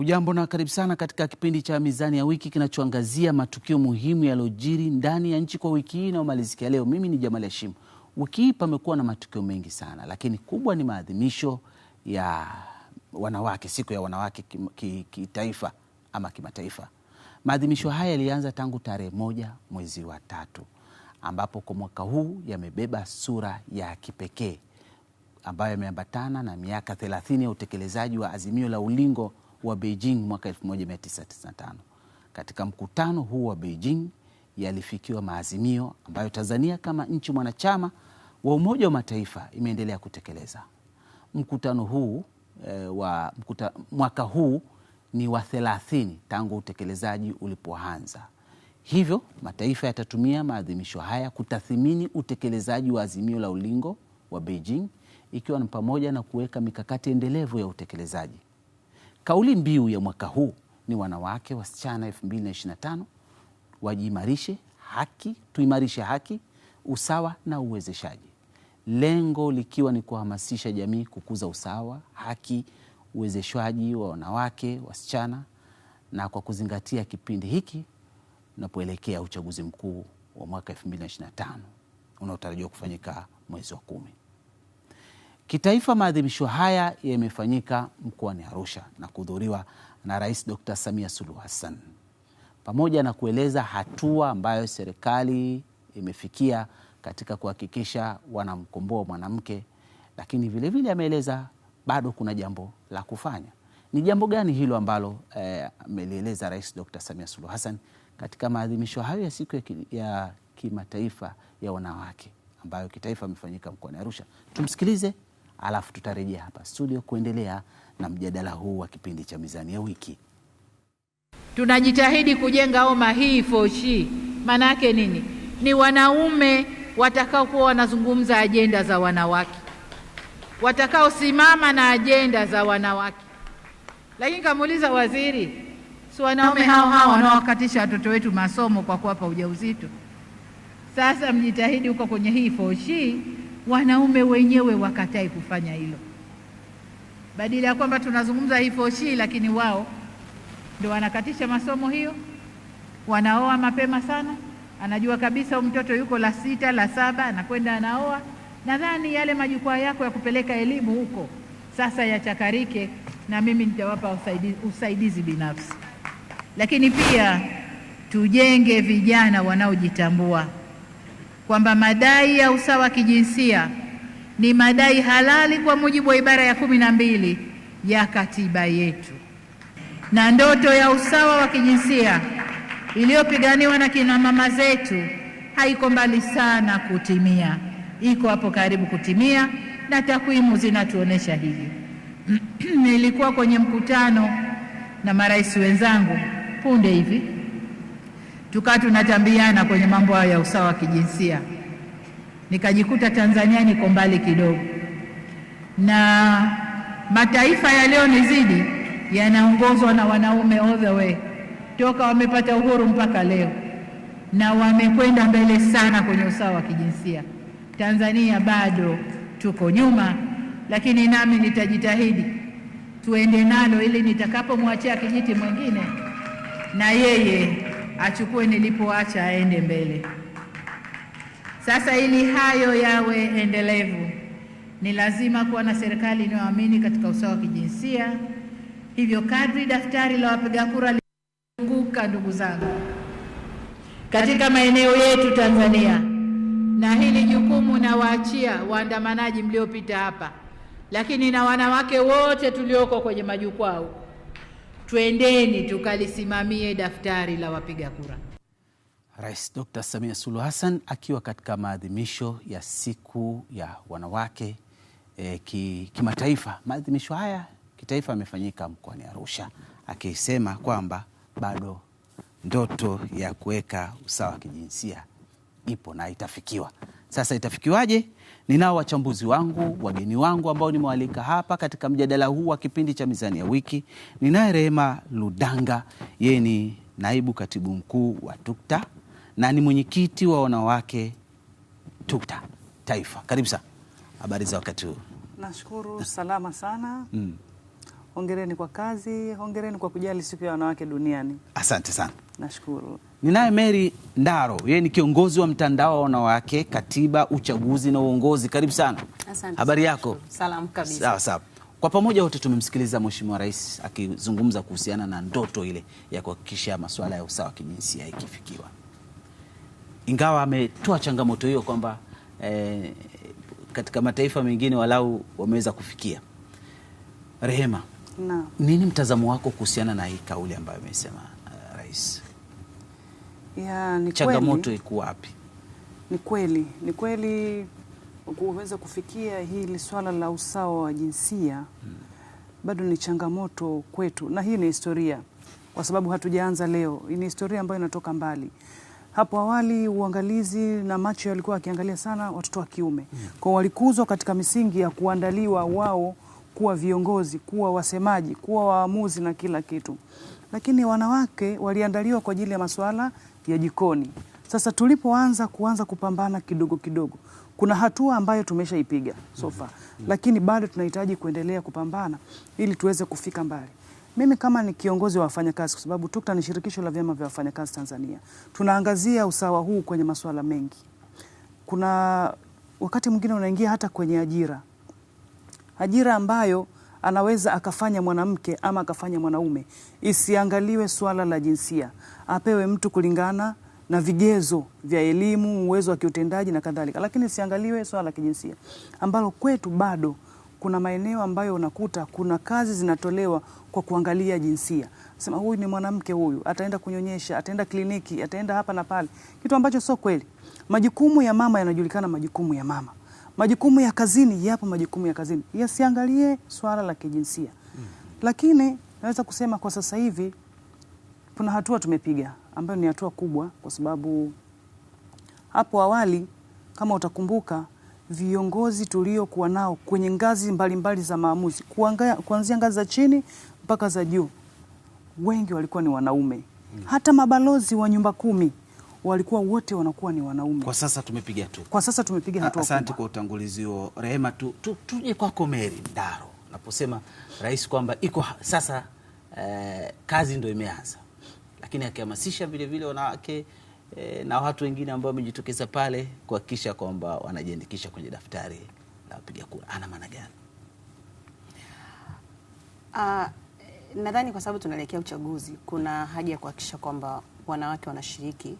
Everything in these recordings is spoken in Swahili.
Hujambo na karibu sana katika kipindi cha Mizani ya Wiki kinachoangazia matukio muhimu yaliyojiri ndani ya nchi kwa wiki hii inayomalizikia leo. Mimi ni Jamali Hashim. Wiki hii pamekuwa na matukio mengi sana, lakini kubwa ni maadhimisho ya wanawake, siku ya wanawake kitaifa ki, ki ama kimataifa. Maadhimisho haya yalianza tangu tarehe moja mwezi wa tatu, ambapo kwa mwaka huu yamebeba sura ya kipekee ambayo yameambatana na miaka thelathini ya utekelezaji wa azimio la ulingo wa Beijing mwaka 1995. Katika mkutano huu wa Beijing yalifikiwa maazimio ambayo Tanzania kama nchi mwanachama wa Umoja wa Mataifa imeendelea kutekeleza. Mkutano huu e, wa mkuta, mwaka huu ni wa 30 tangu utekelezaji ulipoanza. Hivyo mataifa yatatumia maadhimisho haya kutathimini utekelezaji wa azimio la ulingo wa Beijing ikiwa ni pamoja na kuweka mikakati endelevu ya utekelezaji. Kauli mbiu ya mwaka huu ni wanawake wasichana 2025 wajiimarishe, haki tuimarishe haki, usawa na uwezeshaji, lengo likiwa ni kuhamasisha jamii kukuza usawa, haki, uwezeshwaji wa wanawake, wasichana na kwa kuzingatia kipindi hiki unapoelekea uchaguzi mkuu wa mwaka 2025 unaotarajiwa kufanyika mwezi wa kumi. Kitaifa, maadhimisho haya yamefanyika mkoani Arusha na kuhudhuriwa na Rais Dr. Samia Suluhu Hassan pamoja na kueleza hatua ambayo serikali imefikia katika kuhakikisha wanamkomboa mwanamke, lakini vilevile ameeleza bado kuna jambo la kufanya. Ni jambo gani hilo ambalo eh, amelieleza eh, Rais Dr. Samia Suluhu Hassan katika maadhimisho hayo ya siku ya kimataifa ya wanawake ambayo kitaifa amefanyika mkoani Arusha? Tumsikilize alafu tutarejea hapa studio kuendelea na mjadala huu wa kipindi cha Mizani ya Wiki. Tunajitahidi kujenga oma hii foshi, maana yake nini? Ni wanaume watakaokuwa wanazungumza ajenda za wanawake, watakaosimama na ajenda za wanawake. Lakini kamuuliza waziri, si wanaume hao hao wanaowakatisha watoto wetu masomo kwa kuwapa ujauzito? Sasa mjitahidi huko kwenye hii foshi wanaume wenyewe wakatae kufanya hilo, badala ya kwamba tunazungumza hifoshii, lakini wao ndio wanakatisha masomo hiyo, wanaoa mapema sana. Anajua kabisa mtoto yuko la sita la saba, anakwenda anaoa. Nadhani yale majukwaa yako ya kupeleka elimu huko sasa yachakarike, na mimi nitawapa usaidizi, usaidizi binafsi, lakini pia tujenge vijana wanaojitambua kwamba madai ya usawa wa kijinsia ni madai halali kwa mujibu wa ibara ya kumi na mbili ya katiba yetu, na ndoto ya usawa wa kijinsia iliyopiganiwa na kina mama zetu haiko mbali sana kutimia, iko hapo karibu kutimia, na takwimu zinatuonesha hivi. Nilikuwa kwenye mkutano na marais wenzangu punde hivi tukawa tunatambiana kwenye mambo hayo ya usawa wa kijinsia, nikajikuta Tanzania niko mbali kidogo, na mataifa ya leo nizidi yanaongozwa na wanaume all the way toka wamepata uhuru mpaka leo, na wamekwenda mbele sana kwenye usawa wa kijinsia. Tanzania bado tuko nyuma, lakini nami nitajitahidi tuende nalo, ili nitakapomwachia kijiti mwingine na yeye achukue nilipoacha, aende mbele. Sasa ili hayo yawe endelevu, ni lazima kuwa na serikali inayoamini katika usawa wa kijinsia. Hivyo kadri daftari la wapiga kura lifunguka, ndugu zangu, katika maeneo yetu Tanzania, na hili jukumu nawaachia waandamanaji mliopita hapa, lakini na wanawake wote tulioko kwenye majukwaa Twendeni tukalisimamie daftari la wapiga kura. Rais Dr. Samia Suluhu Hassan akiwa katika maadhimisho ya siku ya wanawake e, kimataifa ki maadhimisho haya kitaifa yamefanyika mkoani Arusha, akisema kwamba bado ndoto ya kuweka usawa wa kijinsia ipo na itafikiwa. Sasa itafikiwaje? Ninao wachambuzi wangu, wageni wangu ambao nimewalika hapa katika mjadala huu wa kipindi cha Mizani ya Wiki. Ninaye Rehema Ludanga, yeye ni naibu katibu mkuu wa TUKTA na ni mwenyekiti wa wanawake TUKTA Taifa. Karibu sana. Habari za wakati huu? Nashukuru, salama sana mm. Hongereni kwa kazi, hongereni kwa kujali siku ya wanawake duniani. Asante sana, nashukuru. Ninaye Mary Ndaro, yeye ni kiongozi wa mtandao wa wanawake katiba, uchaguzi na uongozi. Karibu sana. Asante. Habari yako? Salamu kabisa. Sawa sawa. Kwa pamoja wote tumemsikiliza Mheshimiwa Rais akizungumza kuhusiana na ndoto ile ya kuhakikisha masuala ya usawa kijinsia ikifikiwa, ingawa ametoa changamoto hiyo kwamba eh, katika mataifa mengine walau wameweza kufikia. Rehema, na nini mtazamo wako kuhusiana na hii kauli ambayo amesema uh, rais? Ya, ni changamoto iko wapi? Ni kweli, ni kweli kuweza kufikia hili swala la usawa wa jinsia hmm, bado ni changamoto kwetu, na hii ni historia, kwa sababu hatujaanza leo. Ni historia ambayo inatoka mbali. Hapo awali uangalizi na macho yalikuwa akiangalia sana watoto wa kiume hmm, kwao walikuzwa katika misingi ya kuandaliwa wao kuwa viongozi, kuwa wasemaji, kuwa waamuzi na kila kitu, lakini wanawake waliandaliwa kwa ajili ya masuala ya jikoni. Sasa tulipoanza kuanza kupambana kidogo kidogo, kuna hatua ambayo tumeshaipiga so mm-hmm. far, lakini bado tunahitaji kuendelea kupambana ili tuweze kufika mbali. Mimi kama ni kiongozi wa wafanyakazi, kwa sababu TUKTA ni shirikisho la vyama vya wafanyakazi Tanzania, tunaangazia usawa huu kwenye masuala mengi. Kuna wakati mwingine unaingia hata kwenye ajira, ajira ambayo anaweza akafanya mwanamke ama akafanya mwanaume, isiangaliwe swala la jinsia, apewe mtu kulingana na vigezo vya elimu, uwezo wa kiutendaji na kadhalika, lakini isiangaliwe swala la kijinsia, ambalo kwetu bado kuna maeneo ambayo unakuta kuna kazi zinatolewa kwa kuangalia jinsia, sema huyu ni mwanamke, huyu ataenda kunyonyesha, ataenda kliniki, ataenda hapa na pale, kitu ambacho sio kweli. Majukumu ya mama yanajulikana, majukumu ya mama majukumu ya kazini, yapo majukumu ya kazini, yasiangalie swala la kijinsia mm. Lakini naweza kusema kwa sasa hivi kuna hatua tumepiga ambayo ni hatua kubwa, kwa sababu hapo awali kama utakumbuka viongozi tuliokuwa nao kwenye ngazi mbalimbali mbali za maamuzi kuanzia ngazi za chini mpaka za juu, wengi walikuwa ni wanaume. Hata mabalozi wa nyumba kumi walikuwa wote wanakuwa ni wanaume. Kwa sasa tumepiga tu, kwa sasa tumepiga hatua. Asante kwa utangulizi huo Rehema. Tu, tu, tuje kwako Meri Ndaro, naposema rais kwamba iko sasa eh, kazi ndio imeanza, lakini akihamasisha vilevile wanawake eh, na watu wengine ambao wamejitokeza pale kuhakikisha kwamba wanajiandikisha kwenye daftari la wapiga kura, ana maana gani? Uh, nadhani kwa sababu tunaelekea uchaguzi, kuna haja ya kuhakikisha kwamba wanawake wanashiriki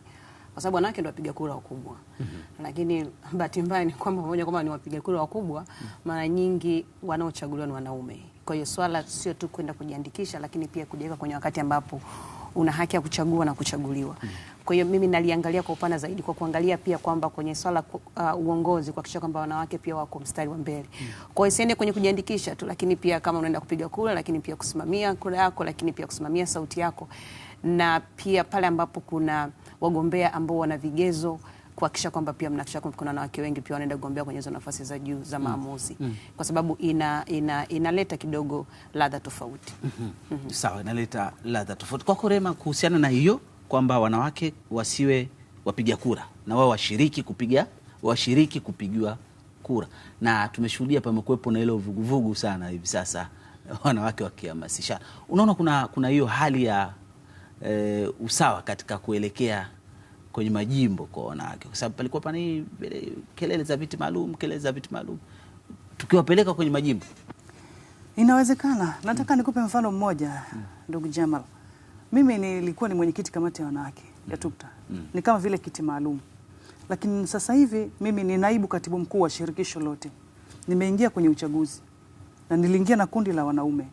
kwa sababu wanawake ndio wapiga kura wakubwa mm -hmm. Lakini bahati mbaya ni kwamba pamoja kwamba ni wapiga kura wakubwa mm -hmm. mara nyingi wanaochaguliwa ni wanaume. Kwa hiyo swala sio tu kwenda kujiandikisha, lakini pia kujiweka kwenye wakati ambapo una haki ya kuchagua na kuchaguliwa. Mhm. Kwa hiyo mimi naliangalia kwa upana zaidi kwa kuangalia pia kwamba kwenye swala uh, uongozi kuhakikisha kwamba wanawake pia wako mstari wa mbele. Mhm. Kwa hiyo siende kwenye kujiandikisha tu, lakini pia kama unaenda kupiga kura, lakini pia kusimamia kura yako, lakini pia kusimamia sauti yako na pia pale ambapo kuna wagombea ambao wana vigezo kuhakikisha kwamba pia mnahakikisha kwamba kuna wanawake wengi pia wanaenda kugombea kwenye hizo nafasi za juu za mm. maamuzi mm. kwa sababu ina, ina, inaleta kidogo ladha tofauti mm -hmm. mm -hmm. Sawa, inaleta ladha tofauti. Kwako Rema, kuhusiana na hiyo kwamba wanawake wasiwe wapiga kura na wao washiriki kupiga washiriki kupigiwa kura, na tumeshuhudia pamekuwepo na ile vuguvugu sana hivi sasa wanawake wakihamasisha, unaona kuna kuna hiyo hali ya e, usawa katika kuelekea kwenye majimbo kwa wanawake, kwa sababu palikuwa pana eh, kelele za viti maalum, kelele za viti maalum. Tukiwapeleka kwenye majimbo inawezekana. Nataka mm. nikupe mfano mmoja ndugu mm. Jamal, mimi nilikuwa ni mwenyekiti kamati ya wanawake ya mm. TUKTA mm. ni kama vile kiti maalum, lakini sasa hivi mimi ni naibu katibu mkuu wa shirikisho lote. Nimeingia kwenye uchaguzi na niliingia na kundi la wanaume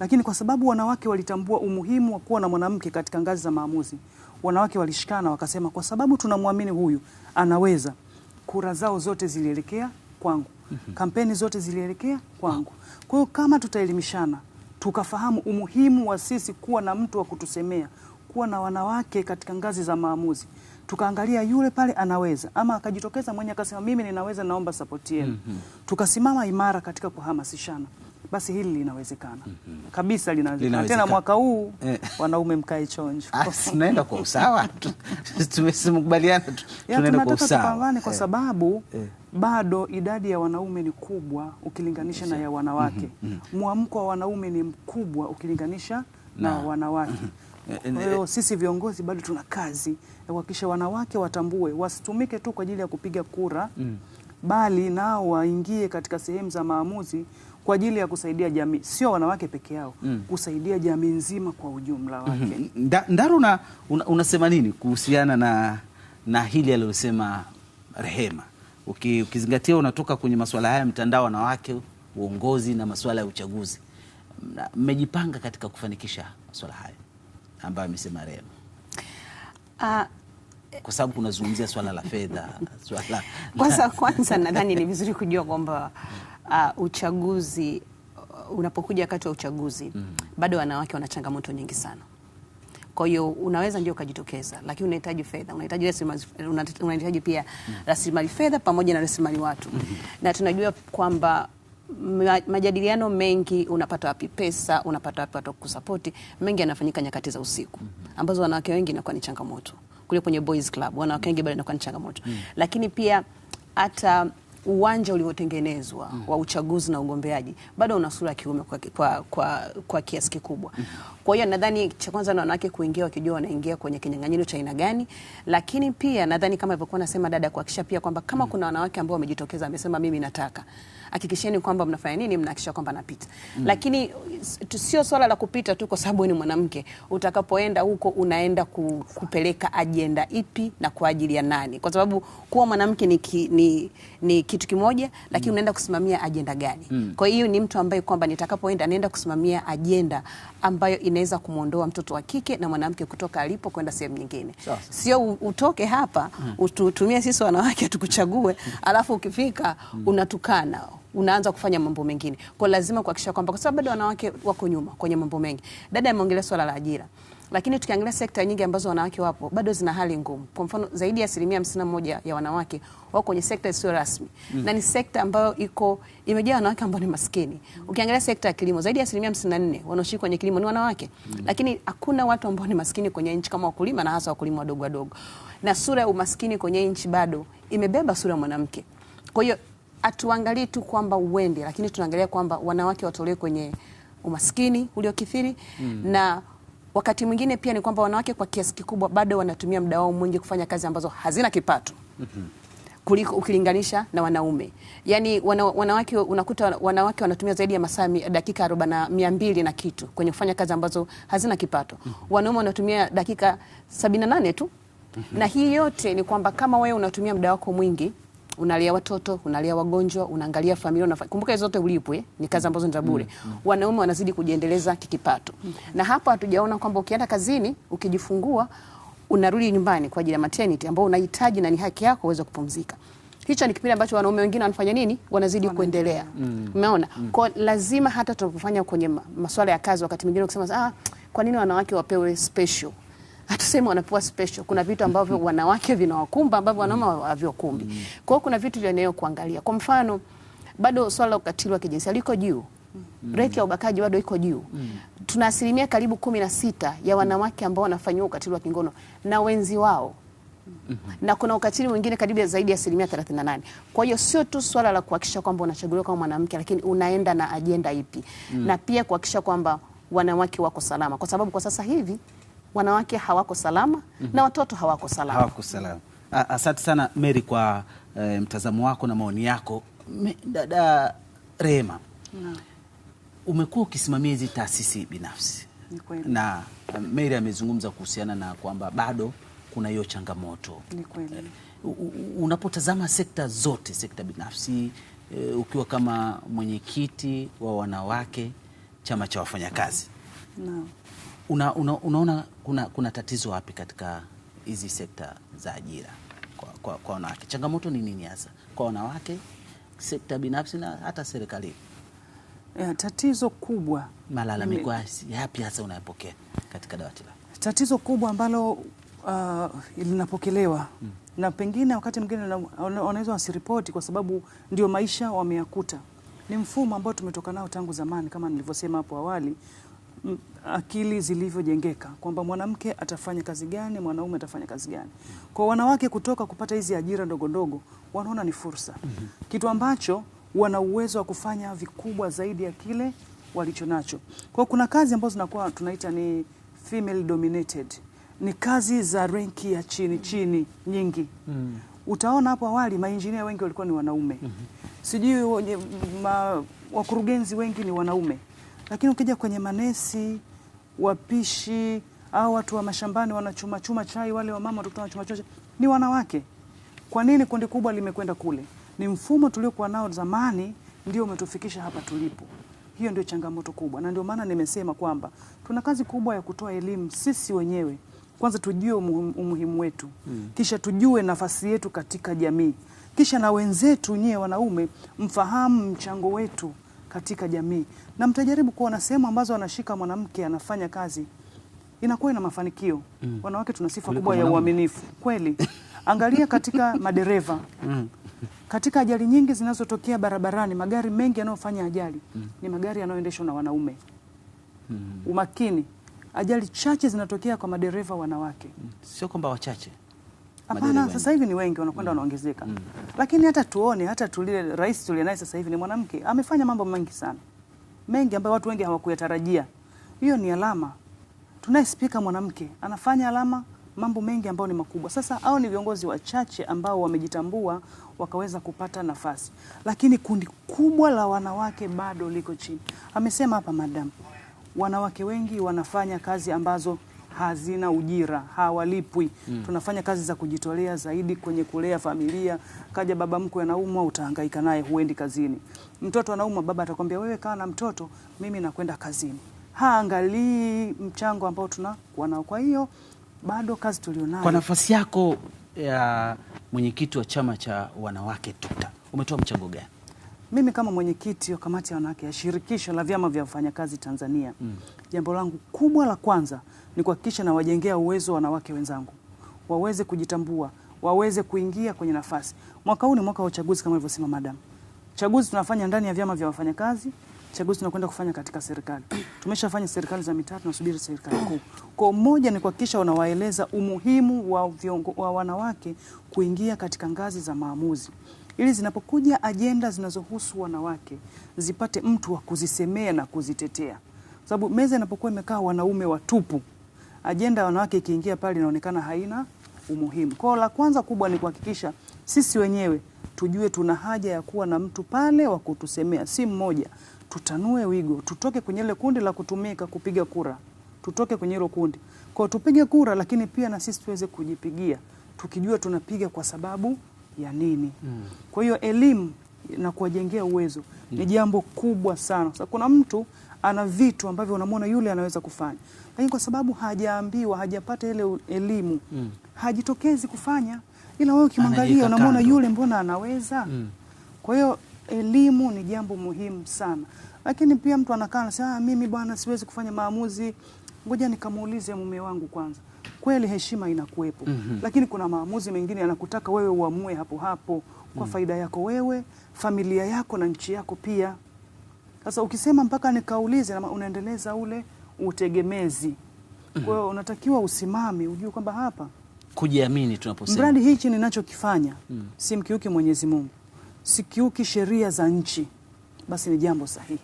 lakini kwa sababu wanawake walitambua umuhimu wa kuwa na mwanamke katika ngazi za maamuzi, wanawake walishikana wakasema, kwa sababu tunamwamini huyu anaweza. Kura zao zote zilielekea kwangu, mhm. kampeni zote zilielekea kwangu. Kwa hiyo kama tutaelimishana, tukafahamu umuhimu wa sisi kuwa na mtu wa kutusemea, kuwa na wanawake katika ngazi za maamuzi tukaangalia yule pale anaweza ama akajitokeza mwenye akasema mimi ninaweza, naomba sapoti yenu. mm -hmm. Tukasimama imara katika kuhamasishana basi hili linawezekana mm -hmm. kabisa linawezekana tena mwaka huu eh. Wanaume mkae chonjo, ah, tunaenda kwa usawa, tumekubaliana tunaenda kwa usawa, tupambane kwa eh. sababu eh. bado idadi ya wanaume ni kubwa ukilinganisha yes. na ya wanawake mhm, mhm. mwamko mm -hmm. wa wanaume ni mkubwa ukilinganisha na, na wanawake mm -hmm. Kwa hiyo sisi viongozi bado tuna kazi ya kuhakikisha wanawake watambue, wasitumike tu kwa ajili ya kupiga kura mm. bali nao waingie katika sehemu za maamuzi kwa ajili ya kusaidia jamii, sio wanawake peke yao mm. kusaidia jamii nzima kwa ujumla wake mm -hmm. Nda, Ndaro una, unasema nini kuhusiana na, na hili aliyosema Rehema Uki, ukizingatia unatoka kwenye masuala haya mtandao wanawake uongozi na masuala ya uchaguzi, mmejipanga katika kufanikisha masuala haya ambayo amesema Rehema uh, kwa sababu kunazungumzia swala la fedha swala... kwanza kwanza nadhani ni vizuri kujua kwamba uh, uchaguzi uh, unapokuja wakati wa uchaguzi mm. bado wanawake wana changamoto nyingi sana. Kwa hiyo unaweza ndio ukajitokeza, lakini unahitaji fedha, unahitaji rasilimali, unahitaji pia mhm. rasilimali fedha pamoja na rasilimali watu mhm. na tunajua kwamba majadiliano mengi, unapata wapi pesa, unapata wapi watu kusapoti, mengi yanafanyika nyakati za usiku mhm. ambazo wanawake wengi inakuwa ni changamoto kule kwenye boys club, wanawake wengi bado inakuwa ni changamoto lakini pia hata uwanja uliotengenezwa mm. wa uchaguzi na ugombeaji bado una sura ya kiume kwa, kwa, kwa, kwa kiasi kikubwa mm. Kwa hiyo nadhani cha kwanza na wanawake kuingia wakijua wanaingia kwenye kinyang'anyiro cha aina gani, lakini pia nadhani kama ilivyokuwa nasema dada, kuhakikisha pia kwamba kama mm. kuna wanawake ambao wamejitokeza, amesema mimi nataka, hakikisheni kwamba mnafanya nini, mnahakikisha kwamba napita mm. Lakini sio swala la kupita tu kwa sababu ni mwanamke. Utakapoenda huko unaenda ku, kupeleka ajenda ipi na kwa ajili ya nani? Kwa sababu kuwa mwanamke ni, ki, ni, ni kitu kimoja lakini mm. unaenda kusimamia ajenda gani? mm. Kwa hiyo ni mtu ambaye kwamba nitakapoenda naenda kusimamia ajenda ambayo inaweza kumwondoa mtoto wa kike na mwanamke kutoka alipo kwenda sehemu nyingine. Sio utoke hapa mm. ututumie sisi wanawake tukuchague mm. alafu ukifika mm. unatukana unaanza kufanya mambo mengine. Kwa lazima kuhakikisha kwamba kwa sababu bado wanawake wako nyuma kwenye mambo mengi. Dada ameongelea swala la ajira. Lakini tukiangalia sekta nyingi ambazo wanawake wapo bado zina hali ngumu. Kwa mfano, zaidi ya asilimia hamsini na moja ya wanawake wako kwenye sekta isiyo rasmi mm. na ni sekta ambayo iko imejaa wanawake ambao ni maskini. Ukiangalia sekta ya kilimo, zaidi ya asilimia hamsini na nne wanaoshiriki kwenye kilimo ni wanawake mm. lakini hakuna watu ambao ni maskini kwenye nchi kama wakulima, na hasa wakulima wadogo wadogo, na sura ya umaskini kwenye nchi bado imebeba sura ya mwanamke. Kwa hiyo hatuangalii tu kwamba uwende, lakini tunaangalia kwamba wanawake watolewe kwenye umaskini uliokithiri mm. na wakati mwingine pia ni kwamba wanawake kwa kiasi kikubwa bado wanatumia muda wao mwingi kufanya kazi ambazo hazina kipato mm -hmm. kuliko ukilinganisha na wanaume. Yaani wana, wanawake unakuta wanawake wanatumia zaidi ya masaa dakika 40 mia mbili na kitu kwenye kufanya kazi ambazo hazina kipato mm -hmm. wanaume wanatumia dakika 78 tu mm -hmm. na hii yote ni kwamba kama wewe unatumia muda wako mwingi unalia watoto, unalia wagonjwa, unaangalia familia unafa... kumbuka hizo zote ulipwe, ni kazi ambazo ni za bure. Mm, mm. Wanaume wanazidi kujiendeleza kikipato. Mm. Na hapa hatujaona kwamba ukienda kazini, ukijifungua, unarudi nyumbani kwa ajili ya maternity ambao unahitaji na ni haki yako uweze kupumzika. Hicho ni kipindi ambacho wanaume wengine wanafanya nini? Wanazidi Wana. kuendelea. Mm. Umeona? Mm. Kwa lazima hata tunapofanya kwenye masuala ya kazi wakati mwingine ukisema ah, kwa nini wanawake wapewe special hatusemi wanapewa special. Kuna vitu ambavyo hmm. wanawake vinawakumba ambavyo wanaume hmm. havyokumbi. Hmm. Kwa hiyo kuna vitu vya eneo kuangalia. Kwa mfano, bado swala la ukatili wa kijinsia liko juu. Mm. Rate ya ubakaji bado iko juu. Mm. Tuna asilimia karibu kumi na sita ya wanawake ambao wanafanyiwa ukatili wa kingono na wenzi wao. Mm -hmm. Na kuna ukatili mwingine karibu zaidi ya asilimia 38. Kwa hiyo sio tu swala la kuhakikisha kwamba unachaguliwa kama mwanamke, lakini unaenda na ajenda ipi? Mm. Na pia kuhakikisha kwamba wanawake wako salama, kwa sababu kwa sasa hivi wanawake hawako salama mm -hmm. na watoto hawako salama, hawako salama. Asante sana Mary kwa e, mtazamo wako na maoni yako. Dada Rehema, umekuwa ukisimamia hizi taasisi binafsi na Mary amezungumza kuhusiana na kwamba bado kuna hiyo changamoto. E, unapotazama sekta zote, sekta binafsi e, ukiwa kama mwenyekiti wa wanawake chama cha wafanyakazi no una, una, unaona kuna, kuna tatizo wapi katika hizi sekta za ajira kwa, kwa, kwa wanawake? Changamoto ni nini hasa kwa wanawake, sekta binafsi na hata serikalini? Ya, eh, tatizo kubwa, malalamiko yapi hasa unayopokea katika dawati lako? Tatizo kubwa ambalo uh, linapokelewa hmm, na pengine wakati mwingine wanaweza wasiripoti kwa sababu ndio maisha wameyakuta, ni mfumo ambao tumetoka nao tangu zamani, kama nilivyosema hapo awali akili zilivyojengeka kwamba mwanamke atafanya kazi gani, mwanaume atafanya kazi gani. Kwa wanawake kutoka kupata hizi ajira ndogo ndogo, wanaona ni fursa, mm -hmm. kitu ambacho wana uwezo wa kufanya vikubwa zaidi ya kile walicho nacho. Kwa kuna kazi ambazo zinakuwa tunaita ni female dominated, ni kazi za renki ya chini chini nyingi. Mm. -hmm. Utaona hapo awali mainjinia wengi walikuwa ni wanaume. Mm -hmm. Sijui wakurugenzi wengi ni wanaume. mm lakini ukija kwenye manesi, wapishi au watu wa mashambani wanachuma chuma chai, wale wamama watakuta wanachumachuma chai ni wanawake. Kwa nini kundi kubwa limekwenda kule? Ni mfumo tuliokuwa nao zamani ndio umetufikisha hapa tulipo. Hiyo ndio changamoto kubwa, na ndio maana nimesema kwamba tuna kazi kubwa ya kutoa elimu sisi wenyewe. Kwanza tujue umuhimu wetu mm, kisha tujue nafasi yetu katika jamii, kisha na wenzetu nyewe wanaume mfahamu mchango wetu katika jamii, na mtajaribu kuona sehemu ambazo anashika mwanamke anafanya kazi inakuwa ina mafanikio mm. Wanawake tuna sifa kubwa ya uaminifu kweli. Angalia katika madereva mm. Katika ajali nyingi zinazotokea barabarani, magari mengi yanayofanya ajali mm. ni magari yanayoendeshwa na wanaume mm. Umakini, ajali chache zinatokea kwa madereva wanawake mm. Sio kwamba wachache Hapana, sasa hivi ni wengi wanakwenda mm. wanaongezeka mm. mm. Lakini hata tuone hata tulile rais tulie naye sasa hivi ni mwanamke, amefanya mambo mengi sana mengi ambayo watu wengi hawakuyatarajia. Hiyo ni alama. Tunaye spika mwanamke anafanya alama mambo mengi ambayo ni makubwa. Sasa hao ni viongozi wachache ambao wamejitambua wakaweza kupata nafasi, lakini kundi kubwa la wanawake bado liko chini. Amesema hapa madam, wanawake wengi wanafanya kazi ambazo hazina ujira, hawalipwi mm. Tunafanya kazi za kujitolea zaidi kwenye kulea familia. Kaja baba mkwe anaumwa, utahangaika naye, huendi kazini. Mtoto anaumwa, baba atakwambia wewe kaa na mtoto, mimi nakwenda kazini. Haangalii mchango ambao tunakuwa nao. Kwa hiyo bado kazi tulionayo. Kwa nafasi yako ya mwenyekiti wa chama cha wanawake TUCTA, umetoa mchango gani? Mimi kama mwenyekiti wa kamati ya wanawake ya shirikisho la vyama vya wafanyakazi Tanzania mm. jambo langu kubwa la kwanza ni kuhakikisha nawajengea uwezo wanawake wenzangu waweze kujitambua, waweze kuingia kwenye nafasi. Mwaka huu ni mwaka wa uchaguzi kama ilivyosema madam. Chaguzi tunafanya ndani ya vyama vya wafanyakazi, chaguzi tunakwenda kufanya katika serikali. Tumeshafanya serikali za mitaa, tunasubiri serikali kuu. Kwa moja ni kuhakikisha wanawaeleza umuhimu wa, viongo, wa wanawake kuingia katika ngazi za maamuzi ili zinapokuja ajenda zinazohusu wanawake zipate mtu wa kuzisemea na kuzitetea, sababu meza inapokuwa imekaa wanaume watupu, ajenda ya wanawake ikiingia pale inaonekana haina umuhimu. Kwao la kwanza kubwa ni kuhakikisha sisi wenyewe tujue tuna haja ya kuwa na mtu pale wa kutusemea, si mmoja. Tutanue wigo, tutoke kwenye ile kundi la kutumika kupiga kura, tutoke kwenye hilo kundi kwao, tupige kura, lakini pia na sisi tuweze kujipigia, tukijua tunapiga kwa sababu ya nini. Mm. Kwa hiyo elimu na kuwajengea uwezo mm. ni jambo kubwa sana. Sasa kuna mtu ana vitu ambavyo unamwona yule anaweza kufanya, lakini kwa sababu hajaambiwa, hajapata ile elimu mm. hajitokezi kufanya, ila wewe ukimwangalia unamwona yule, mbona anaweza mm. kwa hiyo elimu ni jambo muhimu sana, lakini pia mtu anakaa anasema, ah, mimi bwana siwezi kufanya maamuzi, ngoja nikamuulize mume wangu kwanza kweli heshima inakuwepo mm -hmm. Lakini kuna maamuzi mengine yanakutaka wewe uamue hapo hapo kwa mm. faida yako wewe, familia yako na nchi yako pia. Sasa ukisema mpaka nikaulize, unaendeleza ule utegemezi. Mhm. Kwa hiyo unatakiwa usimame, ujue kwamba hapa kujiamini tunaposema mradi hichi ninachokifanya mm. si mkiuki Mwenyezi Mungu, sikiuki sheria za nchi, basi ni jambo sahihi.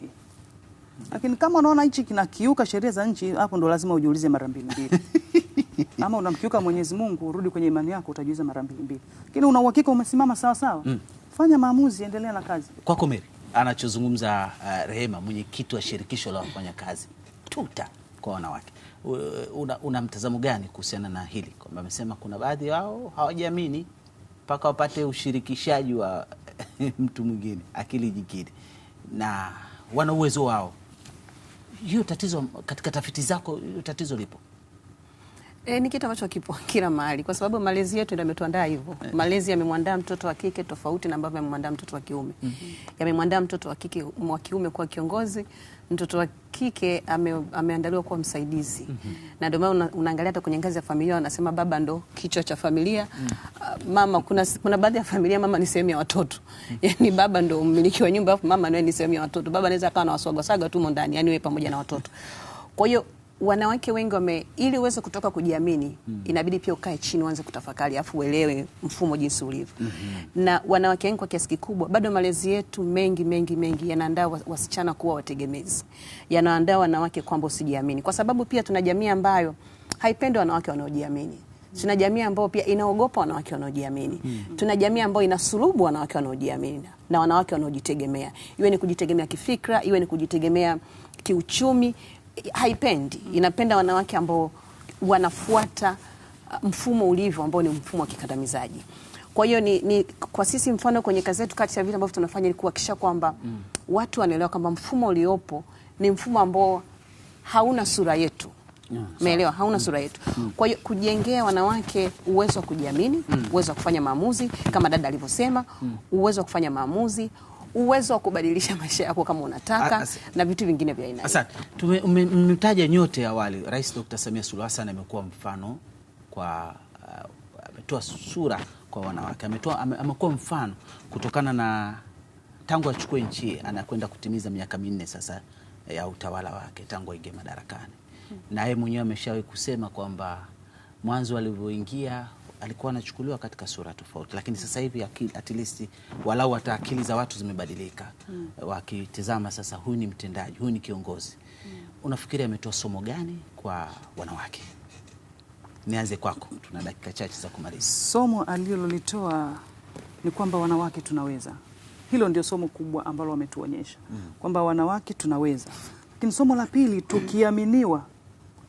Mm. Lakini kama unaona hichi kinakiuka sheria za nchi, hapo ndo lazima ujiulize mara mbili mbili. ama unamkiuka Mwenyezi Mungu, urudi kwenye imani yako, utajiuza mara mbili mbili. Lakini una uhakika umesimama sawa sawa, mm. fanya maamuzi, endelea na kazi kwako. Mary anachozungumza uh, Rehema, mwenyekiti wa shirikisho la wafanyakazi tuta kwa wanawake, una, una mtazamo gani kuhusiana na hili kwamba amesema kuna baadhi yao hawajiamini mpaka wapate ushirikishaji wa mtu mwingine akili jikini na wana uwezo wao. Hiyo tatizo katika tafiti zako, hiyo tatizo lipo? E, ni kitu ambacho kipo kila mahali kwa sababu malezi yetu ndio yametuandaa hivyo. Eh. Malezi yamemwandaa mtoto wa kike tofauti na ambavyo yamemwandaa mtoto wa kiume. Mm -hmm. Yamemwandaa mtoto wa kike wa kiume kuwa kiongozi, mtoto wa kike ame, ameandaliwa kuwa msaidizi. Mm -hmm. Na ndio maana unaangalia hata kwenye ngazi ya familia wanasema baba ndo kichwa cha familia. Mm -hmm. Mama kuna kuna baadhi ya familia mama ni sehemu ya watoto. Mm -hmm. Yaani baba ndo mmiliki wa nyumba mama naye ni sehemu ya watoto. Baba anaweza akawa na waswaga saga tu mo ndani, yani wewe pamoja na watoto. Kwa hiyo wanawake wengi wame, ili uweze kutoka kujiamini mm. inabidi pia ukae chini uanze kutafakari afu uelewe mfumo jinsi ulivyo mm -hmm. na wanawake wengi kwa kiasi kikubwa bado malezi yetu mengi mengi mengi yanaandaa wasichana kuwa wategemezi, yanaandaa wanawake kwamba usijiamini, kwa sababu pia tuna jamii ambayo haipendi wanawake wanaojiamini tuna jamii ambayo pia inaogopa wanawake wanaojiamini mm. Tuna jamii ambayo inasulubu wanawake wanaojiamini na wanawake wanaojitegemea, iwe ni kujitegemea kifikra, iwe ni kujitegemea kiuchumi, haipendi, inapenda wanawake ambao wanafuata uh, mfumo ulivyo ambao ni mfumo wa kikandamizaji. Kwa hiyo ni, ni kwa sisi mfano kwenye kazi yetu, kati ya vitu ambavyo tunafanya ni kuhakikisha kwamba mm. watu wanaelewa kwamba mfumo uliopo ni mfumo ambao hauna sura yetu umeelewa? hauna mm. sura yetu mm. mm. kwa hiyo kujengea wanawake uwezo wa kujiamini mm. uwezo wa kufanya maamuzi kama dada alivyosema mm. uwezo wa kufanya maamuzi uwezo wa kubadilisha maisha yako kama unataka ah, As na vitu vingine vya aina. Asante. Tumemtaja nyote awali, Rais Dr. Samia Suluhu Hassan amekuwa mfano kwa uh, ametoa sura kwa wanawake, ametoa amekuwa mfano kutokana na tangu achukue nchi, anakwenda kutimiza miaka minne sasa ya utawala wake tangu aingie madarakani, hmm. na yeye mwenyewe ameshawahi kusema kwamba mwanzo alivyoingia alikuwa anachukuliwa katika sura tofauti, lakini sasa hivi at least walau hata akili za watu zimebadilika mm. Wakitizama sasa, huyu ni mtendaji, huyu ni kiongozi mm. Unafikiri ametoa somo gani kwa wanawake? Nianze kwako, tuna dakika chache za kumaliza. Somo alilolitoa ni kwamba wanawake tunaweza. Hilo ndio somo kubwa ambalo wametuonyesha mm. kwamba wanawake tunaweza, lakini somo la pili, tukiaminiwa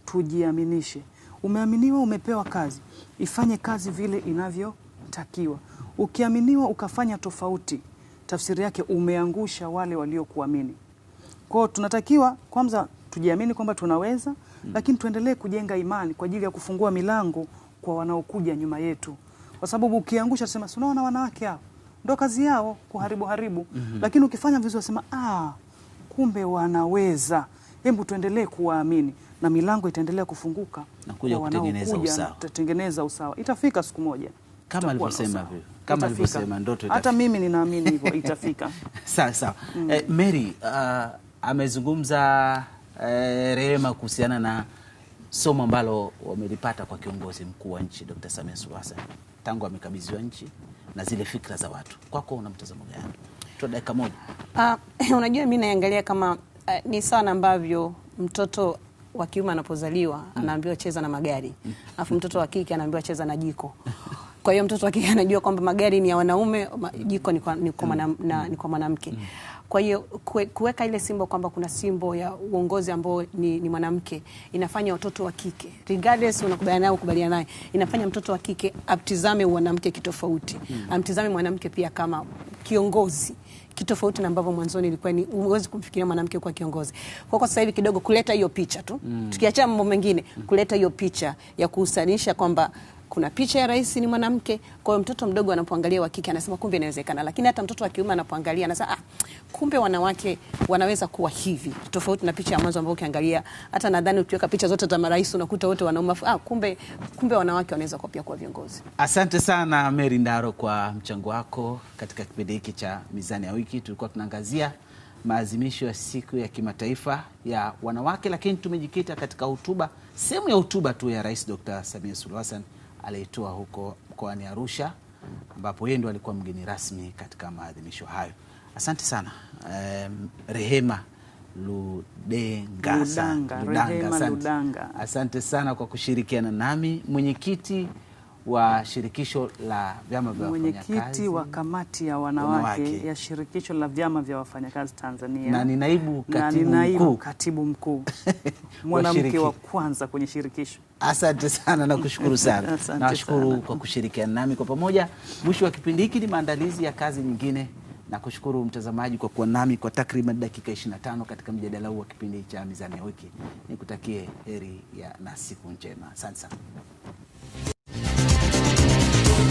tujiaminishe Umeaminiwa, umepewa kazi, ifanye kazi vile inavyotakiwa. Ukiaminiwa ukafanya tofauti, tafsiri yake umeangusha wale waliokuamini. Kwao tunatakiwa kwanza tujiamini kwamba tunaweza hmm, lakini tuendelee kujenga imani kwa ajili ya kufungua milango kwa wanaokuja nyuma yetu, kwa sababu ukiangusha, sema unaona wanawake hao ndo kazi yao kuharibu haribu mm -hmm. Lakini ukifanya vizuri, wasema ah, kumbe wanaweza, hebu tuendelee kuwaamini na milango itaendelea kufunguka na kuja kutengeneza usawa. Tutatengeneza usawa, itafika siku moja kama alivyosema vile, kama alivyosema ndoto itafika. Hata mimi ninaamini hivyo itafika. Sawa sawa. Mm. Eh, Mary uh, amezungumza eh, Rehema kuhusiana na somo ambalo wamelipata kwa kiongozi mkuu wa nchi Dr. Samia Suluhu Hassan tangu amekabidhiwa nchi na zile fikra za watu. Kwako una mtazamo gani? Tuna dakika moja. Uh, unajua mimi naangalia kama uh, ni sana ambavyo mtoto wa kiume anapozaliwa mm. anaambiwa cheza na magari, mm. alafu mtoto wa kike anaambiwa cheza na jiko. Kwa hiyo mtoto wa kike anajua kwamba magari ni ya wanaume, jiko ni kwa mm. mwanamke. Kwa hiyo kuweka ile simbo kwamba kuna simbo ya uongozi ambao ni, ni mwanamke inafanya watoto wa kike regardless unakubaliana naye ukubaliana naye, inafanya mtoto wa kike amtizame mwanamke kitofauti mm. amtizame mwanamke pia kama kiongozi kitofauti na ambavyo mwanzoni ilikuwa ni uwezi kumfikiria mwanamke kwa kiongozi. Kwa kwa sasa hivi kidogo kuleta hiyo picha tu mm. tukiacha mambo mengine kuleta hiyo picha ya kuhusanisha kwamba kuna picha ya rais ni mwanamke. Kwa hiyo mtoto mdogo anapoangalia wa kike anasema kumbe inawezekana, lakini hata mtoto wa kiume anapoangalia anasema ah, kumbe wanawake wanaweza kuwa hivi, tofauti na picha ya mwanzo ambayo ukiangalia, hata nadhani ukiweka picha zote za marais unakuta wote wanaume, ah, kumbe kumbe wanawake wanaweza kuwa pia kuwa viongozi. Asante sana Mary Ndaro kwa mchango wako katika kipindi hiki cha Mizani ya Wiki. Tulikuwa tunaangazia maadhimisho ya siku ya kimataifa ya wanawake, lakini tumejikita katika hotuba, sehemu ya hotuba tu ya Rais Dr. Samia Suluhu Hassan aliitoa huko mkoani Arusha ambapo yeye ndo alikuwa mgeni rasmi katika maadhimisho hayo. Asante sana um, Rehema Ludanga, Ludanga, Ludanga, Ludanga. Asante sana kwa kushirikiana nami mwenyekiti wa shirikisho la vyama vya wafanyakazi, mwenyekiti wa kamati ya wanawake, wanawake ya shirikisho la vyama vya wafanyakazi Tanzania, na ni naibu katibu na mkuu, katibu mkuu mwanamke wa kwanza kwenye shirikisho. Asante sana na kushukuru sana nawashukuru kwa kushirikiana nami kwa pamoja. Mwisho wa kipindi hiki ni maandalizi ya kazi nyingine na kushukuru mtazamaji kwa kuwa nami kwa takriban dakika 25 katika mjadala huu wa kipindi cha Mizani ya Wiki. Nikutakie heri ya na siku njema. Asante sana.